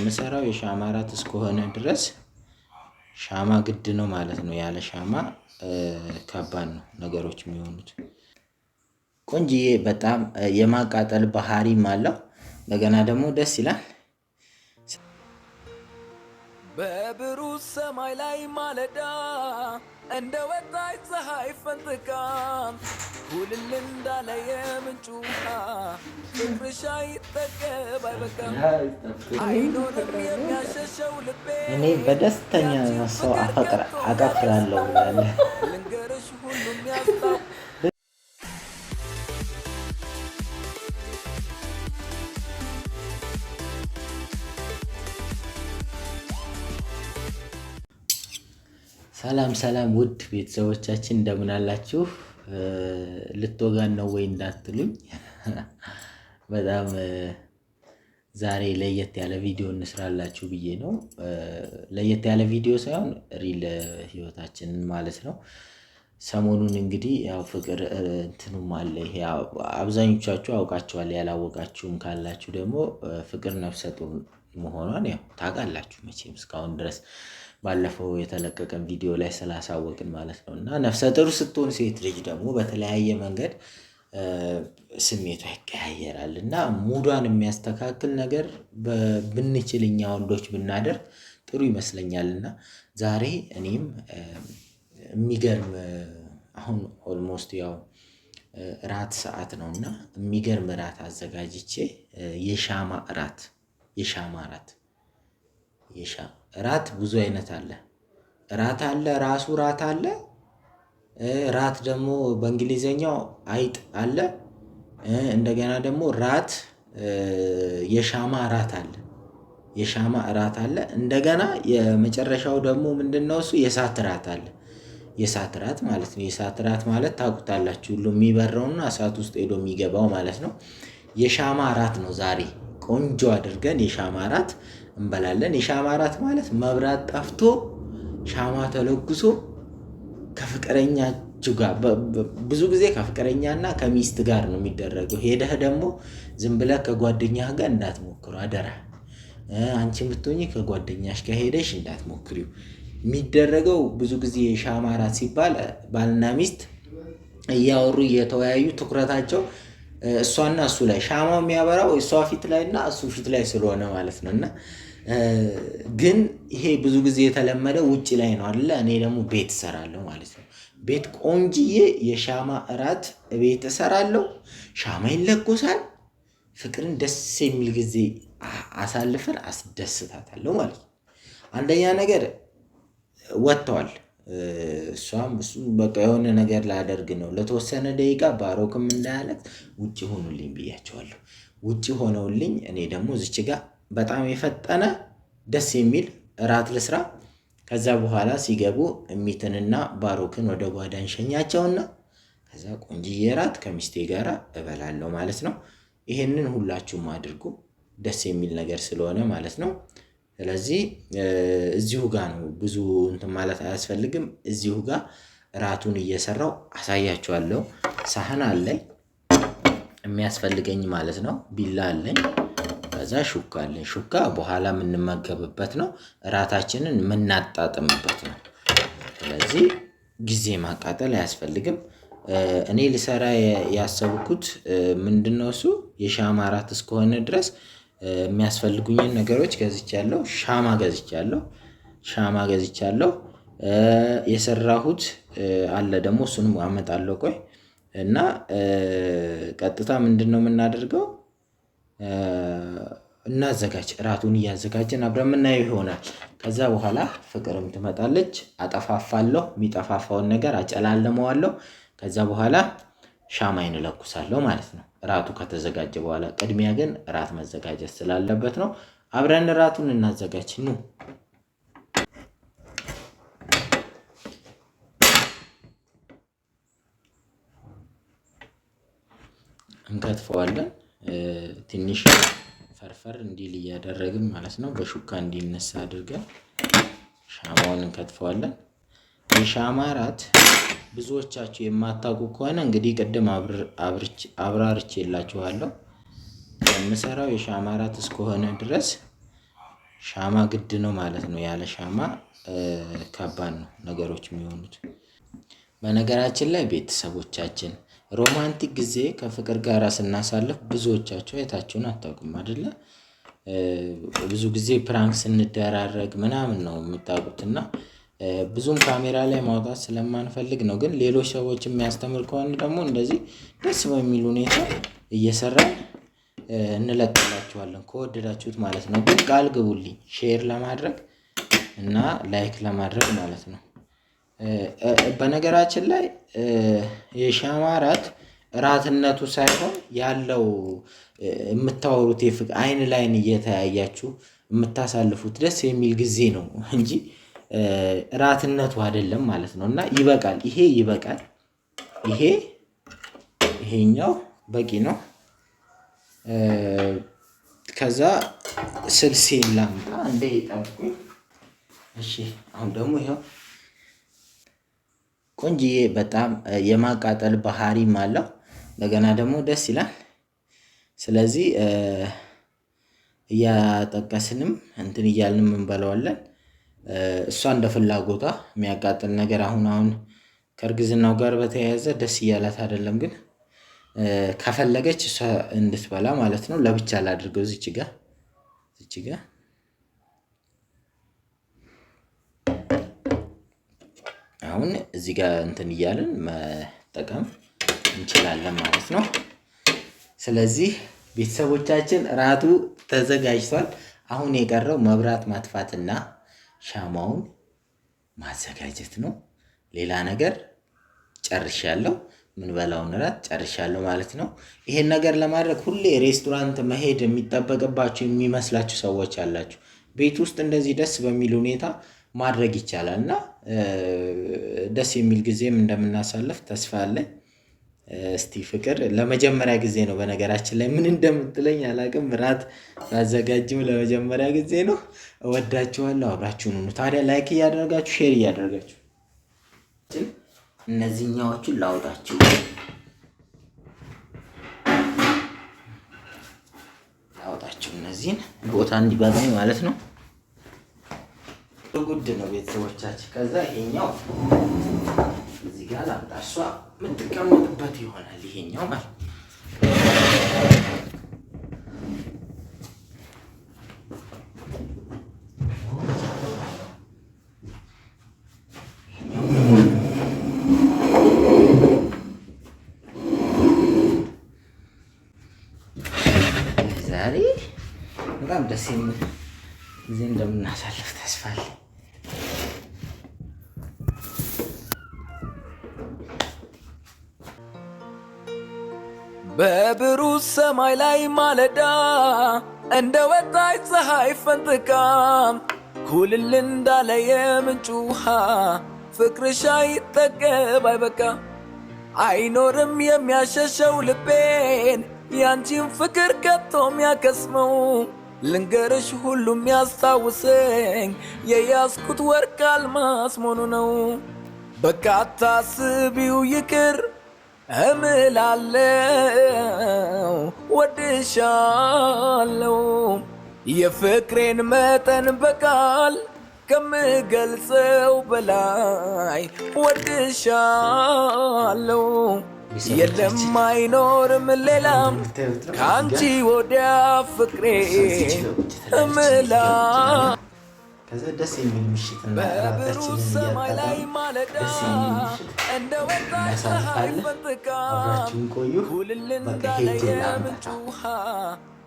የምሰራው የሻማ እራት እስከሆነ ድረስ ሻማ ግድ ነው ማለት ነው። ያለ ሻማ ከባድ ነው ነገሮች የሚሆኑት። ቆንጅዬ በጣም የማቃጠል ባህሪም አለው። እንደገና ደግሞ ደስ ይላል። በብሩ ሰማይ ላይ ማለዳ እንደ ወጣች ፀሐይ ፈንጥቃ ሁልል እንዳለ የምንጩ ፍቅርሻ ይጠገብ አይበቃም አይኖርም የሚያሸሸው ልቤ እኔ በደስተኛ ሰው አፈቅር አቀፍላለሁ ያለ ልንገርሽ ሁሉም ያስታ ሰላም ሰላም፣ ውድ ቤተሰቦቻችን እንደምን አላችሁ? ልትወጋን ነው ወይ እንዳትሉኝ፣ በጣም ዛሬ ለየት ያለ ቪዲዮ እንስራላችሁ ብዬ ነው። ለየት ያለ ቪዲዮ ሳይሆን ሪል ህይወታችንን ማለት ነው። ሰሞኑን እንግዲህ ያው ፍቅር እንትኑም አለ። አብዛኞቻችሁ አውቃችኋል። ያላወቃችሁም ካላችሁ ደግሞ ፍቅር ነፍሰጡን መሆኗን ያው ታውቃላችሁ መቼም እስካሁን ድረስ ባለፈው የተለቀቀን ቪዲዮ ላይ ስላሳወቅን ማለት ነው። እና ነፍሰ ጥሩ ስትሆን ሴት ልጅ ደግሞ በተለያየ መንገድ ስሜቷ ይቀያየራል እና ሙዷን የሚያስተካክል ነገር ብንችል እኛ ወንዶች ብናደርግ ጥሩ ይመስለኛል። እና ዛሬ እኔም የሚገርም አሁን ኦልሞስት ያው እራት ሰዓት ነው እና የሚገርም እራት አዘጋጅቼ የሻማ እራት የሻማ እራት ይሻ። ራት ብዙ አይነት አለ። ራት አለ ራሱ ራት አለ። ራት ደግሞ በእንግሊዘኛው አይጥ አለ። እንደገና ደግሞ ራት የሻማ ራት አለ። የሻማ እራት አለ። እንደገና የመጨረሻው ደግሞ ምንድነው? እሱ የእሳት እራት አለ። የእሳት እራት ማለት ነው። የእሳት እራት ማለት ታውቁታላችሁ፣ ሁሉ የሚበረውና እሳት ውስጥ ሄዶ የሚገባው ማለት ነው። የሻማ እራት ነው ዛሬ ቆንጆ አድርገን የሻማ እራት እንበላለን። የሻማ እራት ማለት መብራት ጠፍቶ ሻማ ተለኩሶ ከፍቅረኛችሁ ጋር ብዙ ጊዜ ከፍቅረኛና ከሚስት ጋር ነው የሚደረገው። ሄደህ ደግሞ ዝም ብለህ ከጓደኛህ ጋር እንዳትሞክሩ አደራ። አንቺ የምትሆኚ ከጓደኛሽ ጋር ሄደሽ እንዳትሞክሪው። የሚደረገው ብዙ ጊዜ የሻማ እራት ሲባል ባልና ሚስት እያወሩ እየተወያዩ ትኩረታቸው እሷና እሱ ላይ ሻማው የሚያበራው እሷ ፊት ላይ እና እሱ ፊት ላይ ስለሆነ ማለት ነው። እና ግን ይሄ ብዙ ጊዜ የተለመደ ውጭ ላይ ነው አለ። እኔ ደግሞ ቤት እሰራለሁ ማለት ነው። ቤት ቆንጅዬ የሻማ እራት ቤት እሰራለሁ። ሻማ ይለኮሳል። ፍቅርን ደስ የሚል ጊዜ አሳልፈን አስደስታታለሁ ማለት ነው። አንደኛ ነገር ወጥተዋል እሷም እሱም በቃ የሆነ ነገር ላደርግ ነው። ለተወሰነ ደቂቃ ባሮክም እንዳያለት ውጭ ሆኑልኝ ብያቸዋለሁ። ውጭ ሆነውልኝ እኔ ደግሞ እዚች ጋ በጣም የፈጠነ ደስ የሚል እራት ልስራ። ከዛ በኋላ ሲገቡ እሚትንና ባሮክን ወደ ጓዳ እንሸኛቸውና ከዛ ቆንጅዬ እራት ከሚስቴ ጋር እበላለሁ ማለት ነው። ይሄንን ሁላችሁም አድርጉ፣ ደስ የሚል ነገር ስለሆነ ማለት ነው። ስለዚህ እዚሁ ጋ ነው ብዙ እንትን ማለት አያስፈልግም። እዚሁ ጋር እራቱን እየሰራው አሳያችኋለሁ። ሳህን አለኝ የሚያስፈልገኝ ማለት ነው። ቢላ አለኝ። ከዛ ሹካ አለኝ። ሹካ በኋላ የምንመገብበት ነው። እራታችንን የምናጣጥምበት ነው። ስለዚህ ጊዜ ማቃጠል አያስፈልግም። እኔ ልሰራ ያሰብኩት ምንድነው እሱ የሻማ እራት እስከሆነ ድረስ የሚያስፈልጉኝን ነገሮች ገዝቻለሁ። ሻማ ገዝቻለሁ ሻማ ገዝቻለሁ። የሰራሁት አለ ደግሞ እሱንም አመጣለሁ። ቆይ እና ቀጥታ ምንድነው የምናደርገው? እናዘጋጅ እራቱን እያዘጋጀን አብረን የምናየው ይሆናል። ከዛ በኋላ ፍቅርም ትመጣለች አጠፋፋለሁ የሚጠፋፋውን ነገር አጨላለመዋለሁ። ከዛ በኋላ ሻማይን እለኩሳለሁ ማለት ነው። እራቱ ከተዘጋጀ በኋላ ቅድሚያ ግን እራት መዘጋጀት ስላለበት ነው። አብረን እራቱን እናዘጋጅ ኑ። እንከትፈዋለን ትንሽ ፈርፈር እንዲል እያደረግን ማለት ነው። በሹካ እንዲነሳ አድርገን ሻማውን እንከትፈዋለን። የሻማ እራት ብዙዎቻችሁ የማታውቁ ከሆነ እንግዲህ ቅድም የላችኋለሁ። የምሰራው የሻማ እራት እስከሆነ ድረስ ሻማ ግድ ነው ማለት ነው። ያለ ሻማ ከባድ ነው ነገሮች የሚሆኑት። በነገራችን ላይ ቤተሰቦቻችን ሮማንቲክ ጊዜ ከፍቅር ጋር ስናሳልፍ ብዙዎቻችሁ አይታችሁን አታውቁም አይደለ? ብዙ ጊዜ ፕራንክ ስንደራረግ ምናምን ነው የምታውቁትና ብዙም ካሜራ ላይ ማውጣት ስለማንፈልግ ነው። ግን ሌሎች ሰዎች የሚያስተምር ከሆነ ደግሞ እንደዚህ ደስ በሚል ሁኔታ እየሰራን እንለቅላችኋለን ከወደዳችሁት ማለት ነው። ግን ቃል ግቡልኝ ሼር ለማድረግ እና ላይክ ለማድረግ ማለት ነው። በነገራችን ላይ የሻማ ራት እራትነቱ ሳይሆን ያለው የምታወሩት አይን ላይን እየተያያችሁ የምታሳልፉት ደስ የሚል ጊዜ ነው እንጂ እራትነቱ አይደለም ማለት ነው። እና ይበቃል፣ ይሄ ይበቃል፣ ይሄ ይሄኛው በቂ ነው። ከዛ ስልሴን ላምጣ እንደ ጠብቁኝ። እሺ፣ አሁን ደግሞ ይኸው ቆንጅዬ በጣም የማቃጠል ባህሪም አለው። እንደገና ደግሞ ደስ ይላል። ስለዚህ እያጠቀስንም እንትን እያልንም እንበለዋለን። እሷ እንደ ፍላጎቷ የሚያቃጥል ነገር አሁን አሁን ከእርግዝናው ጋር በተያያዘ ደስ እያላት አይደለም፣ ግን ከፈለገች እሷ እንድትበላ ማለት ነው። ለብቻ ላድርገው ዝች ጋ ዝች ጋ አሁን እዚህ ጋር እንትን እያልን መጠቀም እንችላለን ማለት ነው። ስለዚህ ቤተሰቦቻችን እራቱ ተዘጋጅቷል። አሁን የቀረው መብራት ማጥፋትና ሻማውን ማዘጋጀት ነው። ሌላ ነገር ጨርሻለሁ። ምንበላውን እራት ጨርሻለሁ ማለት ነው። ይሄን ነገር ለማድረግ ሁሌ ሬስቶራንት መሄድ የሚጠበቅባችሁ የሚመስላችሁ ሰዎች አላችሁ። ቤት ውስጥ እንደዚህ ደስ በሚል ሁኔታ ማድረግ ይቻላል እና ደስ የሚል ጊዜም እንደምናሳልፍ ተስፋ አለኝ። እስቲ ፍቅር ለመጀመሪያ ጊዜ ነው። በነገራችን ላይ ምን እንደምትለኝ አላቅም። ራት ላዘጋጅም ለመጀመሪያ ጊዜ ነው። እወዳችኋለሁ። አብራችሁን ሁኑ። ታዲያ ላይክ እያደረጋችሁ ሼር እያደረጋችሁ እነዚህኛዎቹን ላውጣችሁ። ላውጣችሁ እነዚህን ቦታ እንዲበዛኝ ማለት ነው። ጉድ ነው ቤተሰቦቻችን። ከዛ ይሄኛው እዚህ ጋር ላምጣ እሷ የምትቀመጥበት ይሆናል ይሄኛው ማለት ዛሬ በጣም ደስ የሚል በብሩ ሰማይ ላይ ማለዳ እንደ ወጣች ፀሐይ ፈንጥቃ ኩልል እንዳለ የምንጩ ውሃ ፍቅርሽ አይጠገብ አይበቃ አይኖርም የሚያሸሸው ልቤን ያንቺን ፍቅር ከቶም ያከስመው ልንገርሽ ሁሉም ያስታውሰኝ የያዝኩት ወርቅ አልማስ መሆኑ ነው። በቃ ስቢው ይቅር እምላለው ወድሻለው የፍቅሬን መጠን በቃል ከምገልጸው በላይ ወድሻለው። የለም አይኖርም ሌላም ከአንቺ ወዲያ ፍቅሬ እምላ ከዛ ደስ የሚል ምሽት እና ራታችንን እያጣጣምን ደስ የሚል ምሽት እናሳልፋለን። አብራችሁን ቆዩ። በቃ ሄጄ ላምጣ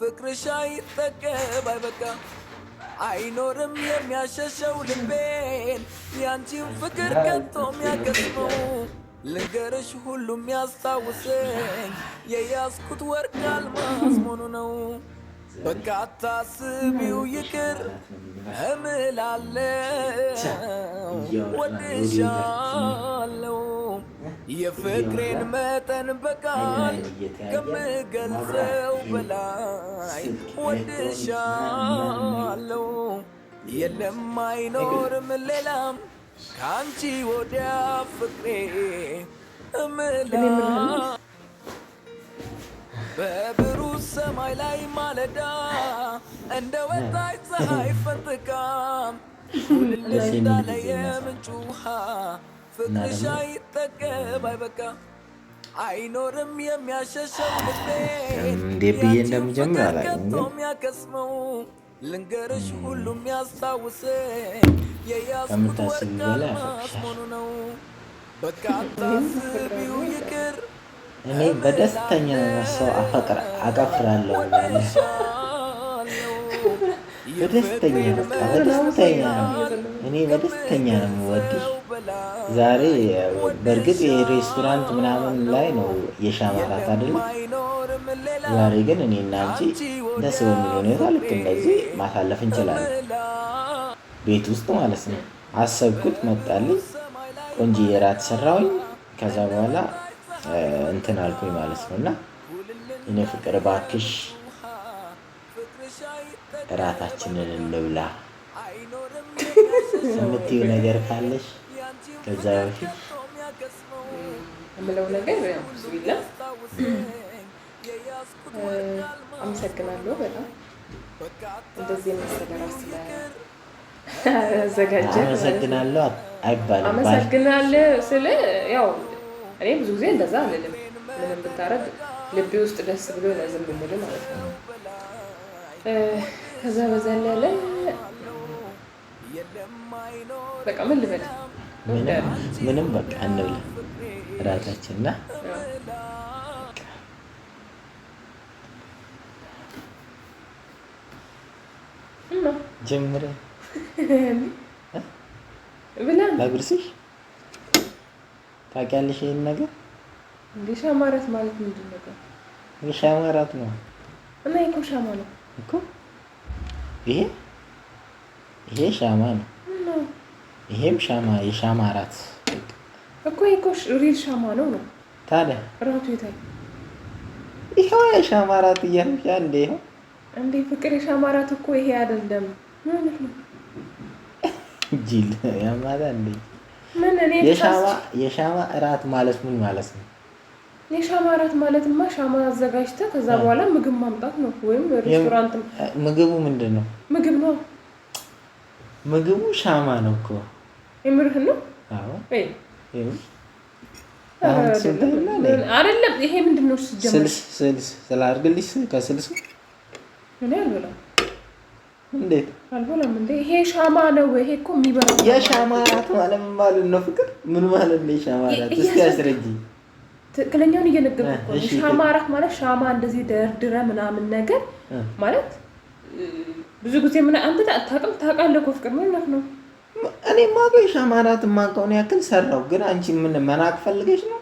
ፍቅርሽ አይጠገብ አይበቃ አይኖርም የሚያሸሸው ልቤን ያንቺን ፍቅር ከቶ የሚያገስመው ልንገርሽ ሁሉም ያስታውሰኝ የያዝኩት ወርቅ አልማዝ መሆኑ ነው። በቃታ አታስቢው ይቅር እምላለው ወድሻለው የፍቅሬን መጠን በቃል ከምገልጸው በላይ ወድሻለው የለም አይኖርም ሌላም ከአንቺ ወዲያ ፍቅሬ እምላ ላይ ማለዳ እንደ ወጣች ፀሐይ ፈንጥቃ ልልሽ እንዳለ የምንጩ ውሃ ፍቅርሽ አይጠገብ አይበቃ አይኖርም የሚያሸሸው ልቤ ብዬ እንደምጀምር አላውቅም የሚያከስመው ልንገርሽ ሁሉም ያስታውስ የያዝኩት ወርቅ አልማዝ መሆኑ ነው። በቃ አታስቢው ይቅር እኔ በደስተኛ ሰው አፈቅር አቀፍራለሁ ብላለች። በደስተኛ በቃ በደስተኛ ነው። እኔ በደስተኛ ነው የምወድሽ። ዛሬ በእርግጥ የሬስቶራንት ምናምን ላይ ነው የሻማራት አደለ። ዛሬ ግን እኔ እና አንቺ ደስ በሚል ሁኔታ ልክ እንደዚህ ማሳለፍ እንችላለን። ቤት ውስጥ ማለት ነው። አሰብኩት፣ መጣልኝ፣ ቆንጆ የራት ሰራውኝ። ከዛ በኋላ እንትን አልኩኝ ማለት ነው። እና እኔ ፍቅር ባክሽ እራታችንን እንብላ የምትዩ ነገር ካለሽ ከዛ በፊት የምለው ነገር ብዙ አመሰግናለሁ በጣም እንደዚህ የመሰገራ ስለ አዘጋጀ። አመሰግናለሁ አይባልም። አመሰግናለሁ ስለ ያው እኔ ብዙ ጊዜ እንደዛ አልልም። ምንም ብታረግ ልቤ ውስጥ ደስ ብሎ ነው ዝም ብሎ ማለት ነው። ከዛ በዘለለ በቃ ምን ልበል ምንም በቃ እንብለ እንብላ እራታችንና ጀምረ ብላ ላጉርስሽ ታውቂያለሽ ይሄን ነገር? ግሻ ማራት ማለት ምንድን ነው? ግሻ ማራት ነው እና ይሄ እኮ ሻማ ነው እኮ ይሄ ይሄ ሻማ ነው። ይሄም ሻማ የሻማ አራት እኮ ይሄ እኮ ሪል ሻማ ነው ነው። ታዲያ ራቱ የታየ? ይሄው የሻማ አራት እያልኩሽ እንደ ይሄው እንዴ ፍቅር የሻማ አራት እኮ ይሄ አይደለም ማለት ነው። ጅል ያማታ እንደ የሻማ እራት ማለት ምን ማለት ነው? የሻማ እራት ማለትማ ሻማ አዘጋጅተህ ከዛ በኋላ ምግብ ማምጣት ነው። ወይም ሬስቶራንት ምግቡ ምንድን ነው? ምግብ ነው። ምግቡ ሻማ ነው እኮ። የምርህን ነው? አይደለም። ይሄ ምንድን ነው? ስልስ ስልስ ስላደርግልሽ ከስልሱ እኔ አልበላም እንዴት አልበላም እንዴ? ይሄ ሻማ ነው። ይሄ እኮ የሚበራ የሻማ አራት ማለት ምን ማለት ነው? ፍቅር ምን ማለት ነው? የሻማ አራት እስኪ አስረጂኝ። ትክክለኛውን እየነገርኩህ እኮ ነው። ሻማ አራት ማለት ሻማ እንደዚህ ደርድረ ምናምን ነገር ማለት ብዙ ጊዜ ምን አንተ ታውቅም ታውቃለህ እኮ ፍቅር ምን ነው? እኔ ማገ ሻማ አራት ማቀውን ያክል ሰራው። ግን አንቺ ምን መናቅ ፈልገሽ ነው?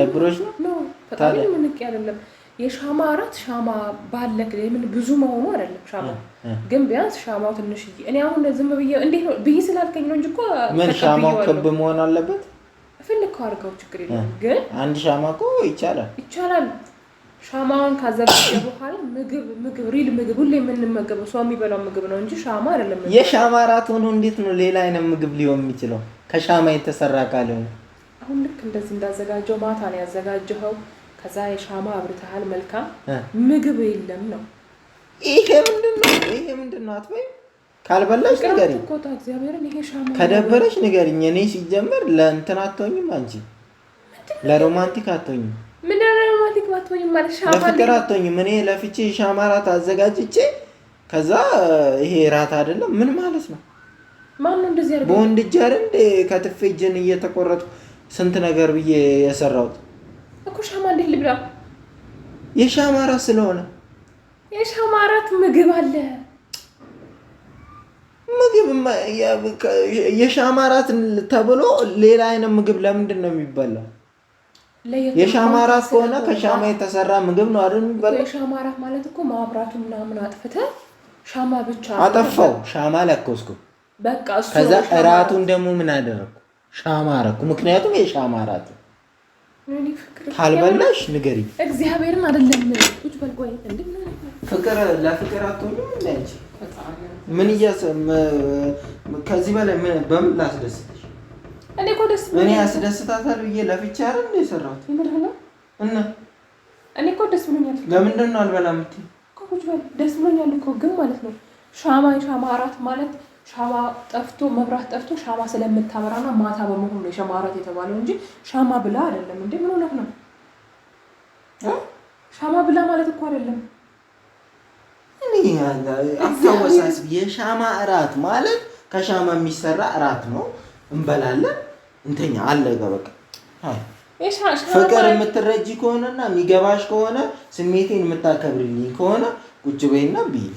ደብሮሽ ነው? ነው ታዲያ ምን ያለለም የሻማ አራት ሻማ ባለ ምን ብዙ መሆኑ አይደለም። ሻማ ግን ቢያንስ ሻማው ትንሽ እኔ አሁን ዝም ብዬ እንዴት ነው ብይ ስላልከኝ ነው እንጂ ምን ሻማው ክብ መሆን አለበት። ፍልከው አድርገው ችግር የለም። ግን አንድ ሻማ እኮ ይቻላል ይቻላል። ሻማውን ካዘጋጀ በኋላ ምግብ ምግብ ሪል ምግብ ሁሌ የምንመገበው ሰው የሚበላው ምግብ ነው እንጂ ሻማ አይደለም። የሻማ አራት ሆኖ እንዴት ነው ሌላ አይነት ምግብ ሊሆን የሚችለው? ከሻማ የተሰራ ካልሆነ አሁን ልክ እንደዚህ እንዳዘጋጀው ማታ ነው ያዘጋጀኸው ከዛ የሻማ አብርተሃል፣ መልካም ምግብ የለም ነው። ይሄ ምንድን ነው? ይሄ ምንድን ነው አትበይም። ካልበላሽ ንገሪኝ፣ ከደበረሽ ንገሪኝ። እኔ ሲጀመር ለእንትን አትሆኝም፣ አንቺ ለሮማንቲክ አትሆኝም፣ ለፍቅር አትሆኝም። እኔ ለፍቼ ሻማ ራት አዘጋጅቼ ከዛ ይሄ ራት አይደለም ምን ማለት ነው? እንደዚህ በወንድ እጅ አይደል እንደ ከትፌ እጄን እየተቆረጥኩ ስንት ነገር ብዬ የሰራሁት እኮ ሻማ ልብላ? የሻማ አራት ስለሆነ የሻማ አራት ምግብ አለ። ምግብ የሻማ አራት ተብሎ ሌላ አይነት ምግብ ለምንድን ነው የሚበላው? የሻማ አራት ከሆነ ከሻማ የተሰራ ምግብ ነው አይደል የሚበላው? የሻማ ማለት እኮ ማብራቱ ምናምን አጥፍተ ሻማ ብቻ አጠፋው። ሻማ ለኮስኩ በቃ። ከዛ እራቱን ደግሞ ምን አደረግኩ? ሻማ አረኩ። ምክንያቱም የሻማ አራት ካልበላሽ ንገሪ። እግዚአብሔርን አይደለም ፍቅር ለፍቅር አትሆንም። ምን እያሰ ከዚህ በላይ በምን ላስደስትሽ? እኔ እኮ ደስ እኔ ያስደስታታል ብዬ ለፍቼ አይደል የሰራሁት እና እኔ እኮ ደስ ብሎኛል። ለምንድን ነው ደስ ብሎኛል እኮ ግን ማለት ነው ሻማ ሻማ አራት ማለት ሻማ ጠፍቶ መብራት ጠፍቶ ሻማ ስለምታበራና ማታ በመሆኑ ነው የሸማራት የተባለው እንጂ ሻማ ብላ አይደለም። እንዴ ምን ሆነህ ነው? ሻማ ብላ ማለት እኮ አይደለም። አወሳስብ የሻማ እራት ማለት ከሻማ የሚሰራ እራት ነው። እንበላለን፣ እንተኛ፣ አለቀ በቃ። ፍቅር የምትረጂ ከሆነና የሚገባሽ ከሆነ ስሜቴን የምታከብርልኝ ከሆነ ቁጭ በይና ብይል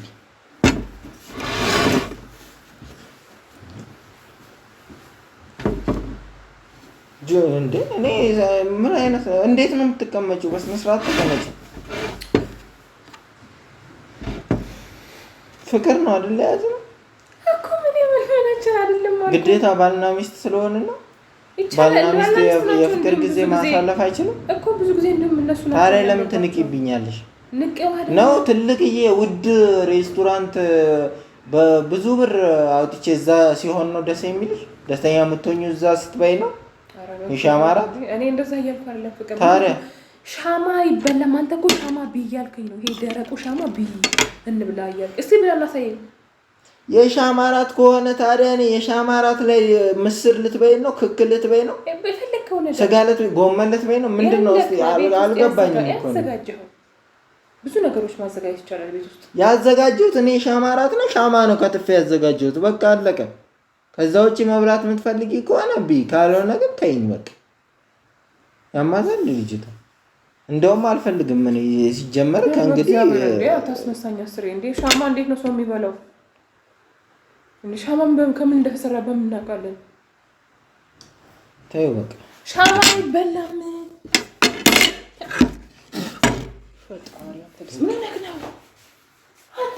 ምን አይነት እንዴት ነው የምትቀመጪው? በስነ ስርዓት ተቀመጪ። ፍቅር ነው አይደለ? ያዝ ነው ግዴታ ባልና ሚስት ስለሆነ ነው። ባልና ሚስት የፍቅር ጊዜ ማሳለፍ አይችልም እኮ ብዙ ጊዜ እንደምነሱ ነው። ታዲያ ለምን ትንቂብኛለሽ? ነው ትልቅዬ ውድ ሬስቶራንት በብዙ ብር አውጥቼ እዛ ሲሆን ነው ደስ የሚልሽ? ደስተኛ የምትሆኙ እዛ ስትበይ ነው ይሻማራ። እኔ እንደዛ እያልኩ አይደለም ፍቅር ታዲያ ሻማ ይበላም። አንተ እኮ ሻማ ብይ እያልከኝ ነው። ይሄ ደረቁ ሻማ ብይ እንብላ እያልክ እስቲ ብላ ላሳየኝ። የሻማ አራት ከሆነ ታዲያ እኔ የሻማ አራት ላይ ምስር ልትበይ ነው? ክክ ልትበይ ነው? ስጋ ልትበይ፣ ጎመን ልትበይ ነው? ምንድን ነው? እስኪ አልገባኝም እኮ ብዙ ነገሮች ማዘጋጀት ይቻላል ቤት ውስጥ። ያዘጋጀሁት እኔ ሻማ አራት ነው። ሻማ ነው ከትፌ ያዘጋጀሁት። በቃ አለቀ። ከዛ ውጭ መብላት የምትፈልጊ ከሆነ ቢ ካልሆነ ግን ተይኝ። በቃ ያማዘን ልጅቷ። እንደውም አልፈልግም ምን ሲጀመር ከእንግዲህ ታስነሳኛ ስሬ እንዴ ሻማ እንዴት ነው ሰው የሚበላው? ሻማን ከምን እንደተሰራ በምን እናውቃለን? ተይው በቃ ሻማ አይበላም። ምን ነው እኔም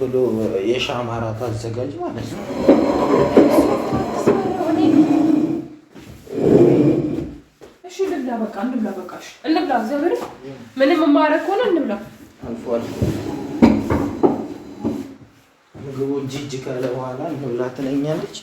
ብሎ የሻማ እራት አዘጋጅ ማለት ነው። እሺ እንብላ፣ በቃ እንብላ፣ በቃ እንብላ። እግዚአብሔር ምንም የማያረግ ከሆነ እንብላ። ምግቡ እንጂ እጅ ካለ በኋላ ሁላ ትለኛለች።